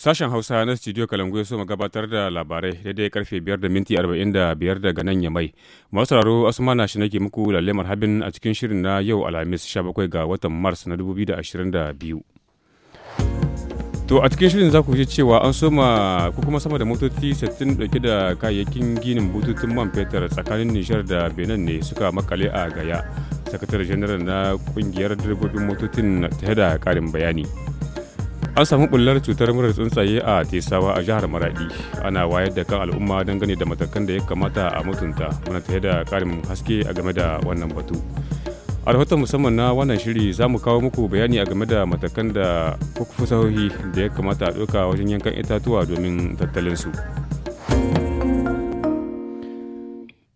Sashen Hausa na Studio Kalangu ya soma gabatar da labarai daidai karfe 5 da minti 45 daga nan ya mai. Masu asuma na shi nake muku lalle marhabin a cikin shirin na yau Alhamis 17 ga watan Mars na 2022. To a cikin shirin za ku ji cewa an soma ko kuma sama da motoci 60 dauke da kayayyakin ginin bututun man fetur tsakanin Nijar da Benin ne suka makale a Gaya. Sakatare janar na kungiyar direbobin motocin ta da karin bayani. an samu bullar cutar murar tsuntsaye a tesawa a jihar maradi ana wayar da kan al'umma dangane da matakan da ya kamata a mutunta muna tare da karin haske a game da wannan batu a rahoton musamman na wannan shiri za mu kawo muku bayani a game da matakan da kuka fasahohi da ya kamata a ɗauka wajen yankan itatuwa domin tattalinsu. su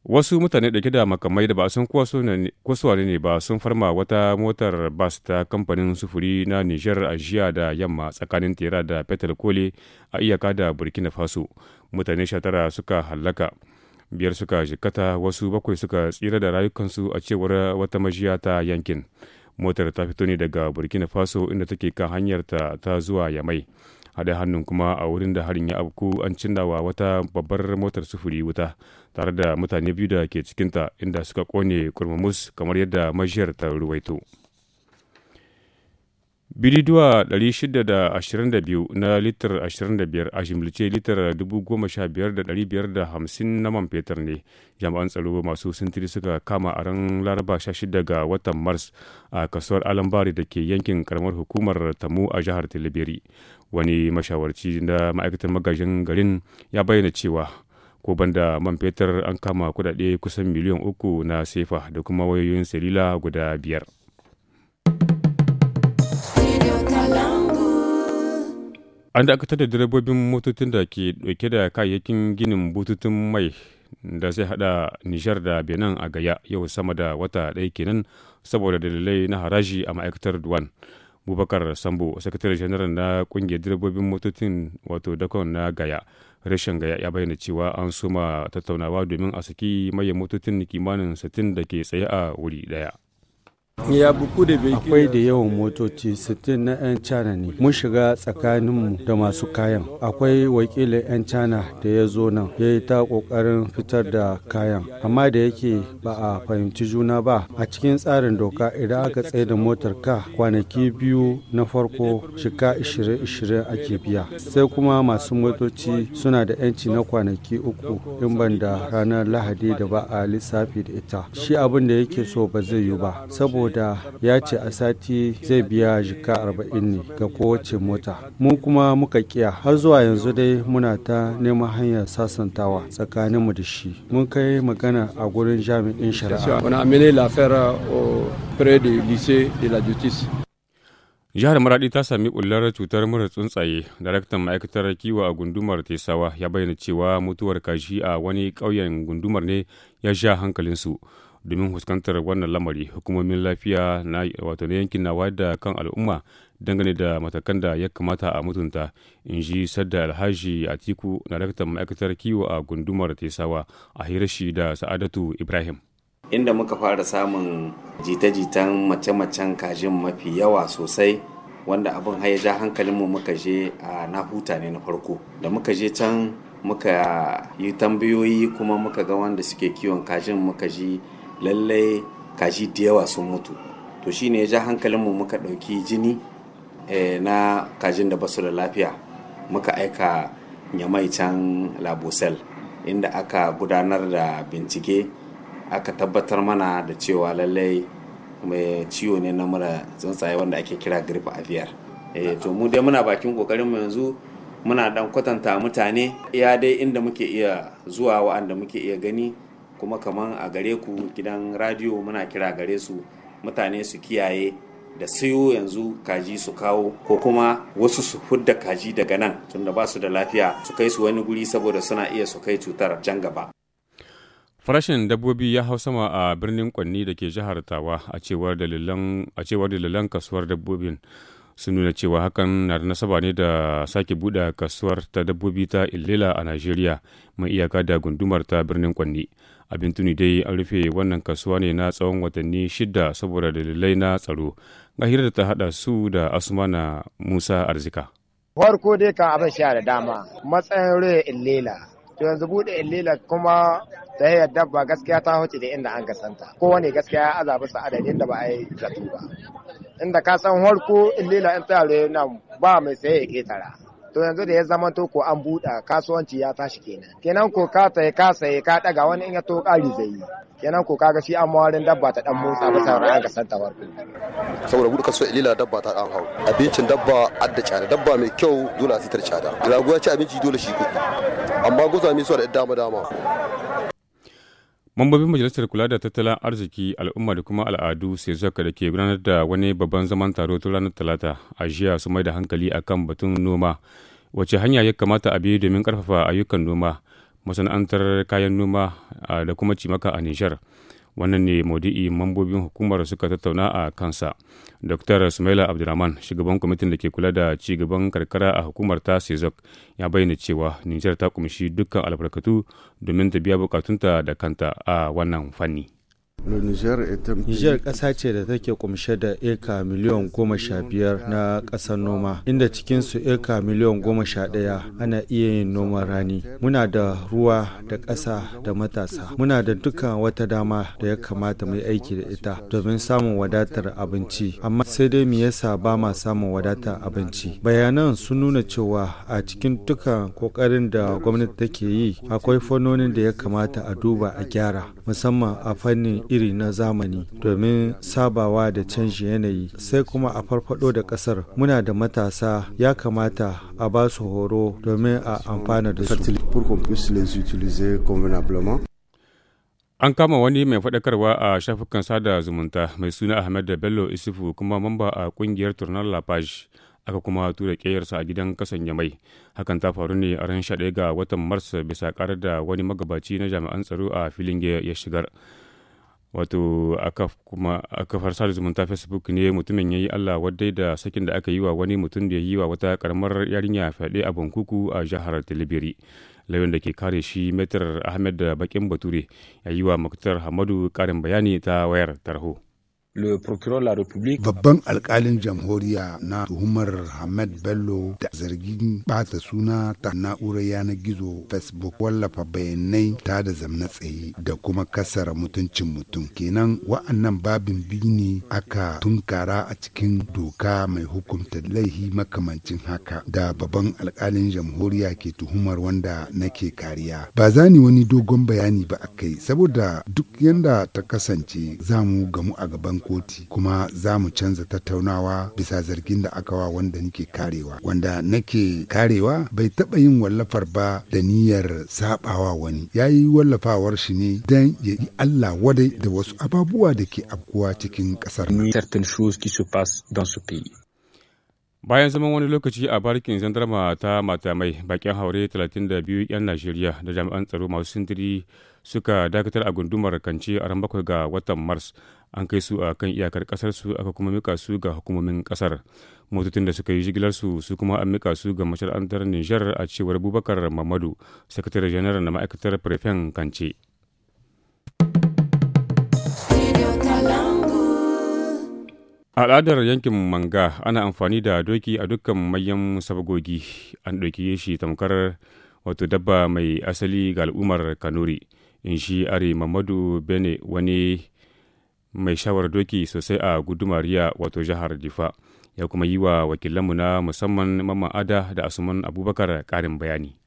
wasu mutane ke da makamai da ba sun kwaso ne ba sun farma wata motar bas ta kamfanin sufuri na nijar a jiya da yamma tsakanin tera da petal kole a iyaka da burkina faso mutane tara suka hallaka biyar suka jikata wasu bakwai suka tsira da rayukansu a cewar wata majiya ta yankin motar ta fito ne daga burkina faso inda take kan hanyarta ta zuwa yamai haɗe hannun kuma a wurin da harin ya afku an cinnawa wata babbar motar sufuri wuta tare da mutane biyu da ke cikinta inda suka kone kurmamus kamar yadda majiyar ta ruwaito. bididuwa 622 na litar 25 a shimlice litar 15,550 na man fetur ne jami'an tsaro masu sintiri suka kama a ran laraba 16 ga watan mars a kasuwar alambari da ke yankin karamar hukumar tamu a jihar tilibiri wani mashawarci na ma'aikatar magajin garin ya bayyana cewa ko banda man fetur an kama kudade kusan miliyan uku na sefa da kuma wayoyin salila guda biyar. An dakatar da direbobin motocin da ke dauke da kayayyakin ginin bututun mai da zai hada Nijar da Benin a gaya yau sama da wata ɗaya kenan saboda dalilai na haraji a ma'aikatar Duwan. Bubakar Sambo, sakatare janaral na kungiyar direbobin motocin wato dakon na gaya. Rashin gaya ya bayyana cewa an suma tattaunawa domin a saki maye motocin kimanin 60 da ke tsaye a wuri daya. Akwai da yawan motoci 60 na 'yan cana ne. Mun shiga tsakaninmu da masu kayan. Akwai wakilin 'yan cana da ya zo nan ya yi ta ƙoƙarin fitar da kayan. Amma da yake ba a fahimci juna ba a cikin tsarin doka idan aka tsaye da motar ka kwanaki biyu na farko shika 20-20 ake biya. Sai kuma masu motoci suna da 'yanci na kwanaki uku in ban da ranar Lahadi da ba a lissafi da ita. Shi abin da yake so ba zai yi ba. Saboda saboda ya ce a sati zai biya jika arba'in ne ga kowace mota mu kuma muka kiya har zuwa yanzu dai muna ta neman hanyar sasantawa tsakaninmu da shi mun kai magana a gurin jami'in shari'a jihar maradi ta sami bullar cutar mura tsuntsaye daraktan ma'aikatar kiwo a gundumar tesawa ya bayyana cewa mutuwar kashi a wani ƙauyen gundumar ne ya sha hankalinsu domin fuskantar wannan lamari hukumomin lafiya na wato na yankin na da kan al'umma dangane da matakan da ya kamata a mutunta in ji sadda alhaji atiku na daktar ma'aikatar kiwo a gundumar tesawa a hirashi da sa'adatu ibrahim inda muka fara samun jita-jitan mace-macen kajin mafi yawa sosai wanda abin ya ja hankalinmu muka je a na huta ne na farko da muka je can muka yi tambayoyi kuma muka ga wanda suke kiwon kajin muka ji lallai kaji da yawa sun mutu to shine ya ja hankalinmu muka ɗauki jini eh, na kajin da basu da lafiya muka aika nyamai can labosel inda aka gudanar da bincike aka tabbatar mana da cewa lallai mai ciwo ne na mura tsuntsaye wanda ake kira grip aviar eh to mu dai muna bakin kokarin mu yanzu muna dan kwatanta mutane iya dai inda muke iya zuwa wa'anda muke iya gani kuma kamar a gare ku gidan radiyo muna kira gare su mutane su kiyaye da siyo yanzu kaji su kawo ko kuma wasu su hudda kaji daga nan tunda ba su da lafiya su kai su wani guri saboda suna iya su kai cutar can gaba. Farashin dabbobi ya hau sama a birnin Kwanni da ke jihar Tawa a cewar dalilan kasuwar dabbobin. sun nuna cewa hakan na da nasaba ne da sake buɗe kasuwar ta dabbobi ta illila a najeriya mai iyaka da gundumar ta birnin kwanni abin tuni dai an rufe wannan kasuwa ne na tsawon watanni shida saboda dalilai na tsaro ga hirar ta hada su da asmana musa arzika farko dai k'a abin sha da dama matsayin ruwa illela to yanzu bude illela kuma ta yi dabba gaskiya ta huce da inda an gasanta kowane gaskiya ya azaba sa adadin da ba a yi zato ba inda ka san farko illela in ta na ba mai saye ya ketara to yanzu da ya zama to ko an buɗa kasuwanci ya tashi kenan kenan ko ka saye ka saye ka daga wani in ya to ƙari zai yi kenan ko kaga shi an mawarin dabba ta dan motsa ba sauran an ga ta farko saboda gudu kaso ilila dabba ta dan hau abincin dabba adda cada dabba mai kyau dole a sitar cada rago ya ci abinci dole shi ko. amma gozami su da dama dama Mambobin Majalisar Kula da Tattalin Arziki, Al'umma da kuma Al'adu Sezaka da ke gudanar da wani babban zaman taro ta ranar Talata a jiya su mai da hankali akan batun noma. Wace hanya ya kamata a bi domin karfafa ayyukan noma, masana'antar kayan noma da kuma cimaka a Nijar. wannan ne maudu'i mambobin hukumar suka tattauna a kansa dr sumaila abdulrahman shugaban kwamitin da ke kula da ci gaban karkara a hukumar ta sezok ya bayyana cewa nijar ta kumshi dukkan albarkatu domin ta biya bukatunta da kanta a wannan fanni Nijar ƙasa ce da take kumshe da eka miliyan goma sha biyar na ƙasar noma, inda cikinsu eka miliyan goma sha ɗaya ana iya yin noman rani. Muna da ruwa da ƙasa da matasa. Muna da dukkan wata dama da ya kamata mu aiki da ita domin samun wadatar abinci. Amma sai dai me yasa ba ma samun wadatar abinci? Bayanan sun nuna cewa a cikin dukkan ƙoƙarin da gwamnati take yi akwai fannonin da ya kamata a duba a gyara, musamman a fannin iri na zamani domin sabawa da canji yanayi sai kuma a farfado da ƙasar muna da matasa ya kamata a ba su horo domin a amfana da su. An kama wani mai faɗakarwa a shafukan sada zumunta mai suna Ahmed da Bello Isufu kuma mamba a ƙungiyar Turnar La aka kuma tura ƙeyarsa a gidan kasan Yamai. Hakan ta faru ne a ran 11 ga watan Mars bisa ƙarar da wani magabaci na jami'an tsaro a filin ya shigar. wato aka kuma aka da zumunta facebook ne mutumin ya yi allah wadai da sakin da aka yi wa wani mutum da ya yi wa wata karamar yarinya fyaɗe a bankuku a jihar tilibiri lauyan da ke kare shi metar ahmed da bakin bature ya yi wa muktar hamadu karin bayani ta wayar tarho Babban alkalin jamhuriya na tuhumar Ahmed Bello da zargin bata suna ta na'urar yanar gizo Facebook wallafa bayanai ta da zamna tsaye da kuma kasara mutuncin mutum. Kenan wa'annan babin biyu ne aka tunkara a cikin doka mai hukunta laihi makamancin haka da babban alkalin jamhuriya ke tuhumar wanda nake kariya. Ba za ni wani dogon bayani ba a kai saboda duk yanda ta kasance za mu gamu a gaban koti kuma za mu canza tattaunawa bisa zargin da aka wa wanda nake karewa wanda nake karewa bai taɓa yin wallafar ba da niyyar saɓawa wani ya yi wallafawar shi ne don ya yi Allah wadai da wasu ababuwa da ke afkuwa cikin ƙasar bayan zaman wani lokaci a barkin zandarma ta matamai bakin haure 32 'yan najeriya da jami'an tsaro masu sindiri suka dakatar a gundumar kance a ran bakwai ga watan mars an kai su a kan iyakar kasar su aka kuma mika su ga hukumomin kasar motocin da suka yi jigilar su su kuma an mika su ga mashara'antar nijar a cewar bubakar mamadu sakatare janar na ma'aikatar prefen kance al'adar yankin manga ana amfani da doki a dukkan mayan sabgogi an ɗauki shi tamkar wato dabba mai asali ga al'ummar kanuri in shi are mamadu bene wani mai shawar doki sosai a gudumariya wato jihar difa ya kuma yi wa wakilanmu na musamman mamman ada da asuman abubakar karin bayani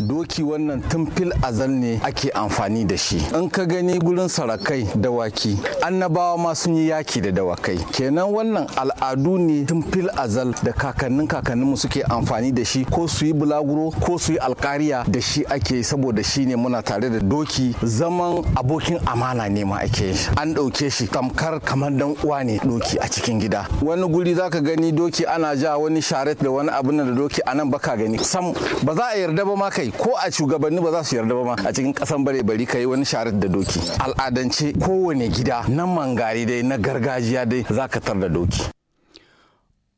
doki wannan tumfil azal ne ake amfani da shi in ka gani gurin sarakai dawaki annabawa ma sun yi yaki da dawakai kenan wannan al'adu ne tumfil azal da kakannin kakanninmu suke amfani da shi ko su yi bulaguro ko su yi alkariya da shi ake saboda shi ne muna tare da doki zaman abokin amana ne ma ake an ɗauke shi tamkar kamar dan uwa ne doki a cikin gida wani guri zaka gani doki ana ja wani sharet da wani abin da doki anan baka gani sam ba za a yarda ba ma kai kai ko a shugabanni ba za su yarda ba ma a cikin kasan bare bari kai wani sharar da doki al'adance kowane gida na mangari dai na gargajiya dai za ka tar da doki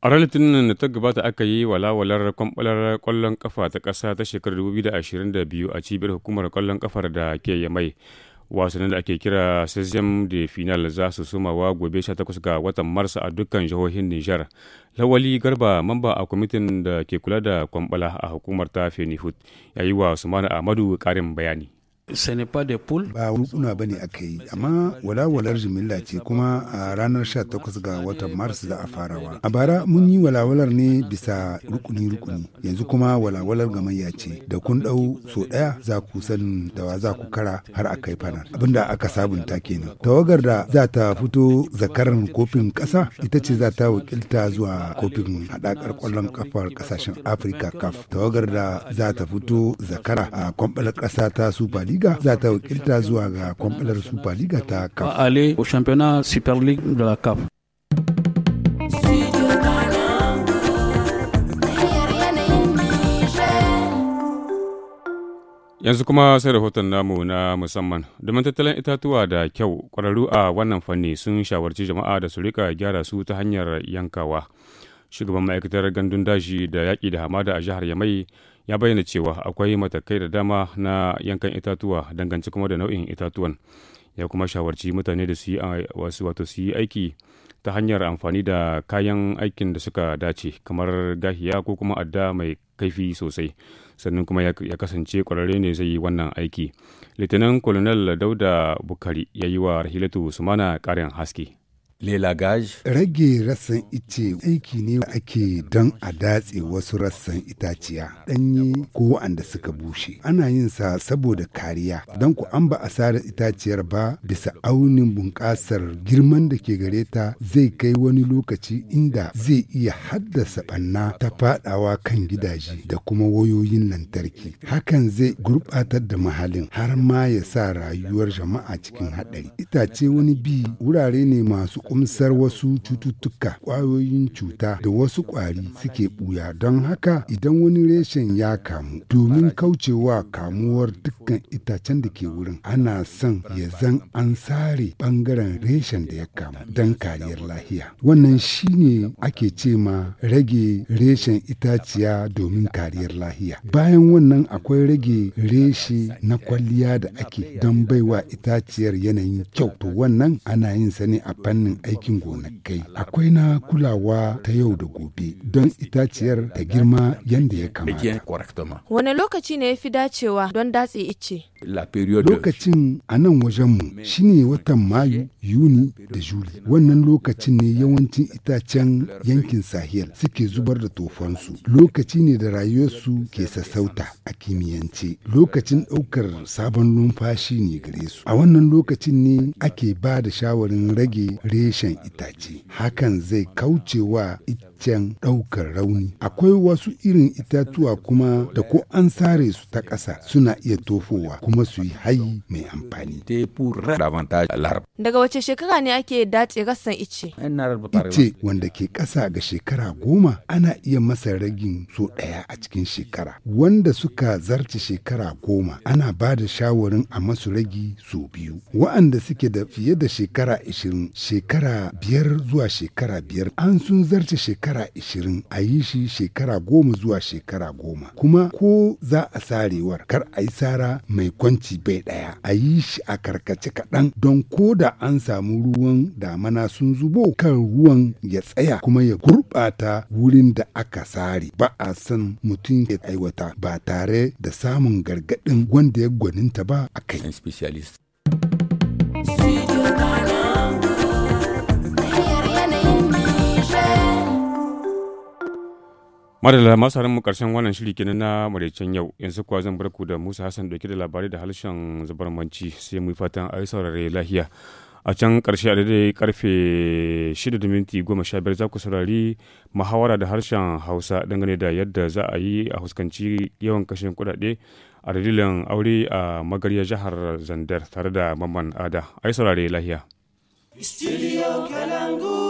a ranar litinin da ta gabata aka yi walawalar kwamfalar kwallon kafa ta kasa ta shekarar 2022 a cibiyar hukumar kwallon kafar da ke yamai wasannin da ake kira sezem de final za su sumawa gobe 18 ga watan mars a dukkan jihohin nijar lawali garba mamba a kwamitin da ke kula da kwambala a hukumar ta fenihut ya yi wa sumana amadu karin bayani senepa de pool ba wuna bane aka yi amma walawalar jimilla ce kuma a ranar 18 ga watan mars za a farawa a bara mun yi walawalar ne bisa rukuni rukuni yanzu kuma walawalar gamayya ce da kun dau so daya za ku san da wa za ku kara har a kai fana abinda aka sabunta kenan tawagar da za ta fito zakaran kofin kasa ita ce za ta wakilta zuwa kofin hadakar kwallon kafar kasashen afirka kaf tawagar da za ta fito zakara a kwambalar kasa ta super league Liga za ta wakilta zuwa ga kwamfalar Super Liga ta CAF. Ale o championnat Super League de la CAF. Yanzu kuma sai rahoton namu na musamman domin tattalin itatuwa da kyau ƙwararru a wannan fanni sun shawarci jama'a da su rika gyara su ta hanyar yankawa. Shugaban ma'aikatar gandun daji da yaƙi da hamada a jihar Yamai ya bayyana cewa akwai matakai da dama na yankan itatuwa dangance kuma da nau'in itatuwan ya kuma shawarci mutane da su yi wato su aiki ta hanyar amfani da kayan aikin da suka dace kamar gahiya ko kuma adda mai kaifi sosai sannan kuma ya kasance kwararre ne zai yi wannan aiki litinin colonel dauda bukari ya yi wa rahilatu sumana karin haske lela lelagage rage rassan ice aiki ne ake don a datse wasu rassan itaciya danyi ko waɗanda suka bushe ana yin sa saboda kariya don ku an ba asarar itaciyar ba bisa aunin bunƙasar girman da ke gare ta zai kai wani lokaci inda zai iya haddasa ɓanna ta fadawa kan gidaje da kuma wayoyin lantarki hakan zai gurɓatar da muhallin har ma ya sa rayuwar jama'a cikin haɗari itace wani bi wurare ne masu kumsar wasu cututtuka ƙwayoyin cuta da wasu ƙwari suke ɓuya don haka idan wani reshen ya kamu domin kaucewa kamuwar dukkan itacen da ke wurin ana son ya zan an sare ɓangaren reshen da ya kamu don kariyar lahiya wannan shine ake ce ma rage reshen itaciya domin kariyar lahiya bayan wannan akwai rage reshe na kwalliya da ake don baiwa itaciyar yanayin kyau to wannan ana yin sani a fannin aikin gonakai akwai na kulawa ta yau da gobe don itaciyar ta girma yadda ya kamata wane lokaci ne ya fi dacewa don datse ice Lokacin a nan wajenmu shine watan Mayu, Yuni da Juli. Wannan lokacin ne yawancin itacen yankin Sahel suke zubar da tofansu. Lokaci ne da rayuwarsu ke sassauta a kimiyyance. Lokacin ɗaukar sabon numfashi ne gare su. A wannan lokacin ne ake ba da shawarin rage reshen itace. Hakan zai kaucewa ita taƙaitaccen ɗaukar rauni. Akwai wasu irin itatuwa kuma da ko an sare su ta ƙasa suna iya tofowa kuma su yi hayi mai amfani. Daga wace shekara ne ake dace rassan ice? Ice wanda ke ƙasa ga shekara goma ana iya masa ragin so ɗaya a cikin shekara. Wanda suka zarce shekara goma ana ba da shawarin a masu ragi so biyu. Wa'anda suke da fiye da shekara ishirin shekara biyar zuwa shekara biyar an sun zarce shekara shekara ishirin, a yi shi shekara goma zuwa shekara goma kuma ko za a sarewar kar a yi sara mai kwanci bai ɗaya a yi shi a karkace kaɗan don ko da an samu ruwan damana sun zubo kan ruwan ya tsaya kuma ya gurɓata wurin da aka sare ba a san mutum ya aiwata ba tare da samun gargaɗin wanda ya gwaninta ba a kai. madalla masu mu karshen wannan shiri kenan na maraicen yau yanzu kuwa zan bar ku da musa hassan dauke da labarai da harshen zabarmanci sai mu fatan a yi saurare lahiya a can karshe a daidai karfe 6:15 za ku saurari muhawara da harshen hausa dangane da yadda za a yi a fuskanci yawan kashin kudade a dalilin aure a magarya jihar zandar tare da mamman ada a yi saurare lahiya. Studio Kalangu.